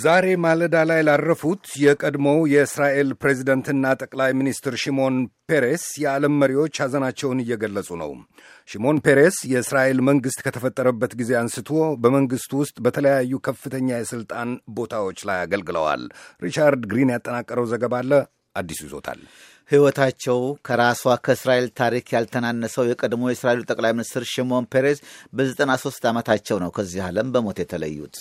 ዛሬ ማለዳ ላይ ላረፉት የቀድሞው የእስራኤል ፕሬዚደንትና ጠቅላይ ሚኒስትር ሽሞን ፔሬስ የዓለም መሪዎች ሐዘናቸውን እየገለጹ ነው። ሽሞን ፔሬስ የእስራኤል መንግሥት ከተፈጠረበት ጊዜ አንስቶ በመንግሥቱ ውስጥ በተለያዩ ከፍተኛ የሥልጣን ቦታዎች ላይ አገልግለዋል። ሪቻርድ ግሪን ያጠናቀረው ዘገባ አለ አዲሱ ይዞታል። ሕይወታቸው ከራሷ ከእስራኤል ታሪክ ያልተናነሰው የቀድሞ የእስራኤሉ ጠቅላይ ሚኒስትር ሽሞን ፔሬዝ በ93 ዓመታቸው ነው ከዚህ ዓለም በሞት የተለዩት።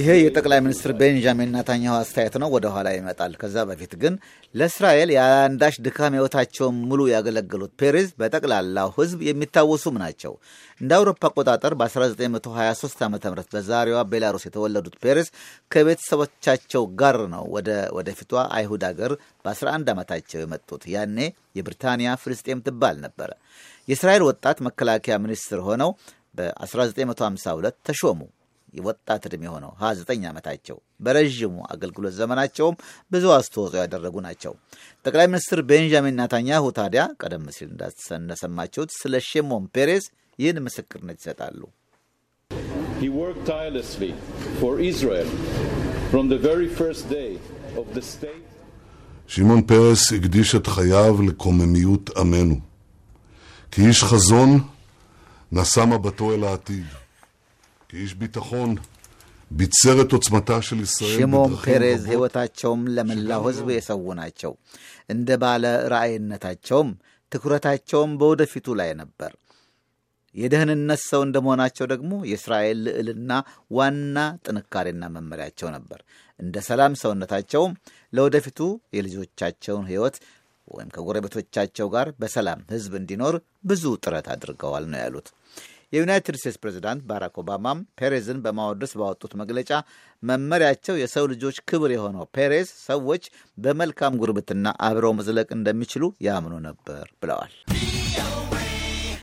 ይሄ የጠቅላይ ሚኒስትር ቤንጃሚን ናታኛሁ አስተያየት ነው፣ ወደ ኋላ ይመጣል። ከዛ በፊት ግን ለእስራኤል የአንዳች ድካም ሕይወታቸውን ሙሉ ያገለገሉት ፔሬዝ በጠቅላላው ሕዝብ የሚታወሱም ናቸው። እንደ አውሮፓ አቆጣጠር በ1923 ዓ ም በዛሬዋ ቤላሩስ የተወለዱት ፔሬዝ ከቤተሰቦቻቸው ጋር ነው ወደ ወደፊቷ አይሁድ አገር በ11 ዓመታቸው የመጡት። ያኔ የብሪታንያ ፍልስጤም ትባል ነበረ። የእስራኤል ወጣት መከላከያ ሚኒስትር ሆነው በ1952 ተሾሙ። የወጣት ዕድሜ ሆነው 29 ዓመታቸው በረዥሙ አገልግሎት ዘመናቸውም ብዙ አስተዋጽኦ ያደረጉ ናቸው። ጠቅላይ ሚኒስትር ቤንጃሚን ናታኛሁ ታዲያ ቀደም ሲል እንደሰማችሁት ስለ ሼሞን ፔሬዝ ይህን ምስክርነት ይሰጣሉ። שמעון פרס הקדיש את חייו לקוממיות עמנו. כאיש חזון, נשא מבטו אל העתיד. כאיש ביטחון ביצר את עוצמתה של ישראל שמעון ለመላው ህዝብ የሰው ናቸው። እንደ ባለ ራእይነታቸውም ትኩረታቸውም በወደፊቱ ላይ ነበር። የደህንነት ሰው እንደመሆናቸው ደግሞ የእስራኤል ልዕልና ዋና ጥንካሬና መመሪያቸው ነበር። እንደ ሰላም ሰውነታቸውም ለወደፊቱ የልጆቻቸውን ህይወት ወይም ከጎረቤቶቻቸው ጋር በሰላም ህዝብ እንዲኖር ብዙ ጥረት አድርገዋል ነው ያሉት። የዩናይትድ ስቴትስ ፕሬዚዳንት ባራክ ኦባማም ፔሬዝን በማወደስ ባወጡት መግለጫ መመሪያቸው የሰው ልጆች ክብር የሆነው ፔሬዝ ሰዎች በመልካም ጉርብትና አብረው መዝለቅ እንደሚችሉ ያምኑ ነበር ብለዋል።